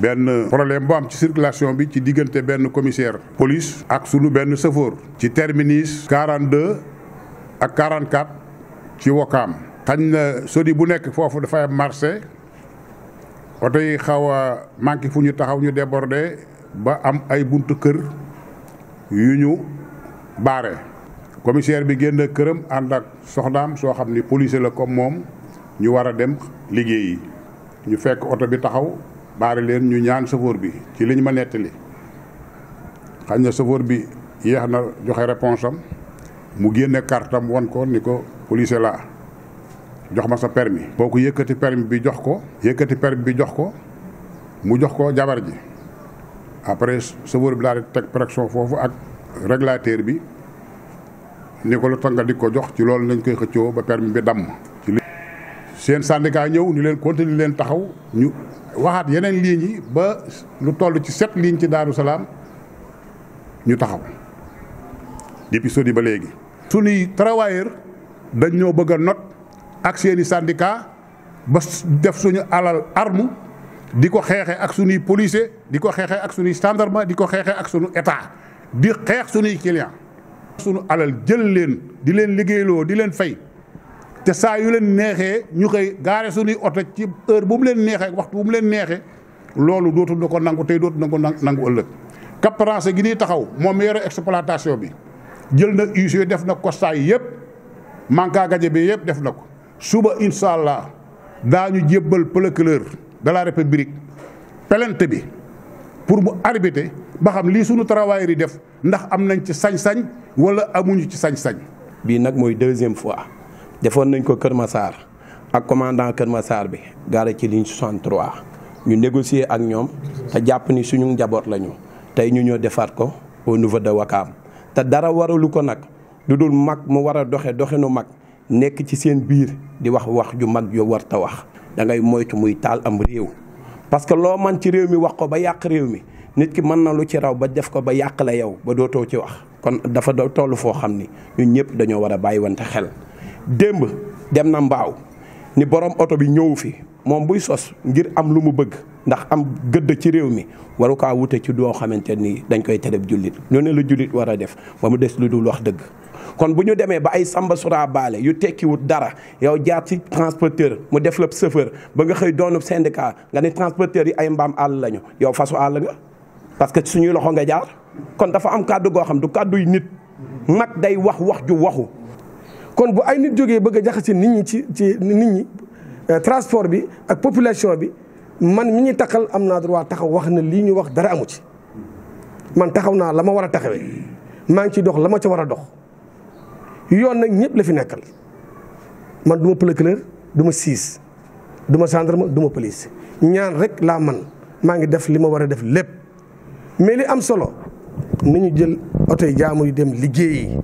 benn problème bu am ci circulation bi ci diggante benn commissaire police ak sunu benn chauffeur ci terminus 42 ak 44 ci wokaam xañ na sodi bu nekk foofu dafay marché oto xaw a manqué fu ñu taxaw ñu débordé ba am ay buntu kër yu ñu baare commissaire bi génn këram ànd ak soxnaam soo xam ni policier la comme moom ñu war a dem liggéeyi ñu fekk oto bi taxaw baare leen ñu ñaan chauffeur bi ci liñ ma nettali xañ na chauffeur bi yéex na joxe réponse am mu génne carte won ko ni ko policier laa jox ma sa permis kooku yëkkati permis bi jox ko yëkkati permis bi jox ko mu jox ko jabar ji après chauffeur bi daal di teg pression foofu ak régulateur bi ni ko lu tax nga di ko jox ci loolu nañ koy xëccoo ba permis bi damm seen syndicat ñëw ñu leen continuer leen taxaw ñu waxaat yeneen lignes yi ba lu toll ci sept lignes ci Daaru Salaam ñu taxaw depuis sodi ba léegi. suñuy travailleurs dañ ñoo bëgg a not ak seeni syndicat ba def suñu alal armu di ko xeexee ak suñuy policier di ko xeexee ak sunuy gendarme di ko xeexee ak suñu état di xeex suñuy client suñu alal jël leen di leen liggéeyloo di leen fay. te saa yu leen neexee ñu koy gaare suñuy oto ci heure bu mu leen neexee waxtu bu mu leen neexee loolu dootu na ko nangu tey dootu na ko nangu ëllëg cap gi nii taxaw moom yore exploitation bi jël na usine def na constat yi yëpp manque à gagner bi yëpp def na ko suba incha allah daañu jébbal procureur de la république plainte bi pour mu arbitrer ba xam lii suñu travailleurs yi def ndax am nañ ci sañ-sañ wala amuñu ci sañ-sañ. bii nag mooy deuxième fois. defoon nañ ko Kër Massar ak commandant Kër Massar bi gaare ci ligne 63 ñu négocier ak ñoom te jàpp ni suñu njaboot lañu tey ñu ñoo defaat ko au niveau de Wakaam te dara waralu ko nag lu dul mag mu war a doxe nu mag nekk ci seen biir di wax wax ju mag ju war ta wax da ngay moytu muy taal am réew parce que loo man ci réew mi wax ko ba yàq réew mi nit ki mën na lu ci raw ba def ko ba yàq la yow ba dootoo ci wax kon dafa tollu foo xam ni ñun ñëpp dañoo war a bàyyi wante xel démb dem na mbaaw ni borom oto bi ñëw fi moom buy sos ngir am lu mu bëgg ndax am gëdd ci réew mi waru kaa wute ci doo xamante nii dañ koy tereb jullit lu ne la jullit war a def ba mu des lu dul wax dëgg kon bu ñu demee ba ay samba sura baale yu tekkiwut dara yow jaar ci transporteur mu def la chauffeur ba nga xëy doonub syndicat nga ne transporteur yi ay mbaam àll lañu yow fasu àll nga parce que suñuy loxo nga jaar kon dafa am kàddu goo xam du kàdduy nit mag day wax wax ju waxu kon bu ay nit jógee bëgg a jaxase nit ñi ci ci nit ñi euh, transport bi ak population bi man mi ñuy taxal am naa droit taxaw wax na lii ñu wax dara amu ci man taxaw naa la ma war a taxawee maa ngi ciy dox la ma ci war a dox yoon nag ñëpp la fi nekkal man du ma procureur du ma siis du ma gendarme du ma police ñaan rek laa man maa ngi def li ma war a def lépp mais li am solo nañu jël oto yi jaamu yu dem liggéeyi